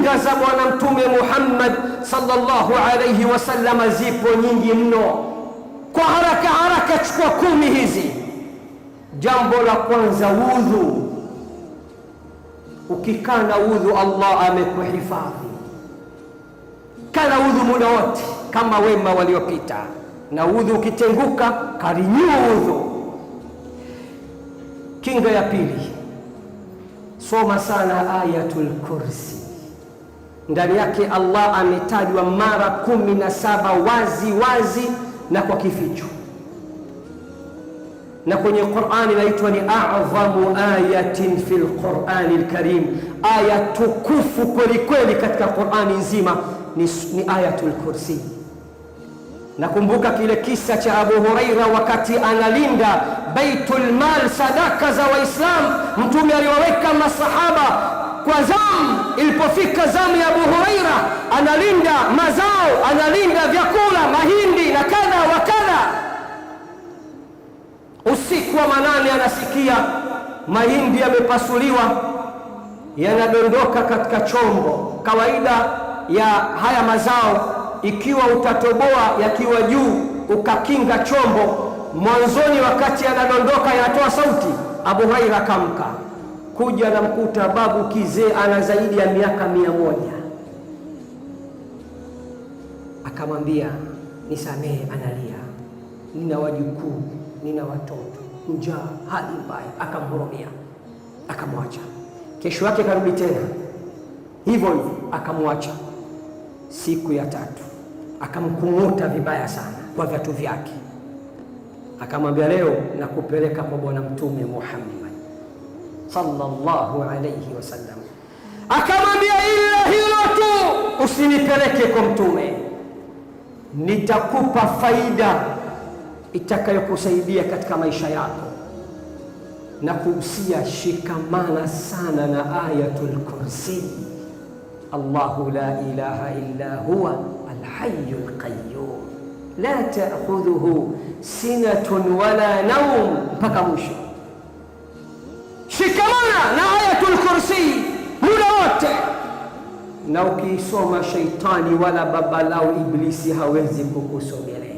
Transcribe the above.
Sunna za Bwana Mtume Muhammad sallallahu alayhi wasallam zipo nyingi mno. Kwa haraka haraka, chukua kumi hizi. Jambo la kwanza, wudhu. Ukikaa na wudhu, Allah amekuhifadhi. Kana wudhu muda wote, kama wema waliopita. Na wudhu ukitenguka, karinyu wudhu. Kinga ya pili, soma sana Ayatul Kursi ndani yake Allah ametajwa mara kumi na saba wazi wazi na kwa kificho, na kwenye Qur'ani inaitwa ni a'dhamu ayatin fil Qur'ani al-Karim, aya tukufu kweli kweli katika Qur'ani nzima ni, ni ayatul kursi. Nakumbuka kile kisa cha Abu Huraira wakati analinda Baitul Mal, sadaka za waislam Mtume aliwaweka masahaba kwanza Ilipofika zamu ya Abu Huraira, analinda mazao, analinda vyakula, mahindi na kadha wa kadha. Usiku wa manane, anasikia mahindi yamepasuliwa, yanadondoka katika chombo. Kawaida ya haya mazao, ikiwa utatoboa yakiwa juu, ukakinga chombo, mwanzoni, wakati yanadondoka, yanatoa sauti. Abu Huraira akamka kuja na mkuta babu kizee ana zaidi ya miaka mia moja, akamwambia nisamehe, analia, nina wajukuu, nina watoto, njaa, hali mbaya. Akamhurumia, akamwacha. Kesho yake karudi tena hivyo hivyo, akamwacha. Siku ya tatu akamkung'uta vibaya sana kwa viatu vyake, akamwambia leo nakupeleka kwa Bwana Mtume Muhammad sallallahu alayhi wasallam, akamwambia ila hilo tu, usinipeleke kwa Mtume, nitakupa faida itakayokusaidia katika maisha yako. Na kuhusia, shikamana sana na Ayatul Kursi, Allahu la ilaha illa huwa alhayyul qayyum la ta'khudhuhu sinatun wala nawm, mpaka mwisho Shikamana na Ayatul Kursi muda wote, na ukiisoma shaitani wala baba lao Iblisi hawezi kukusogelea.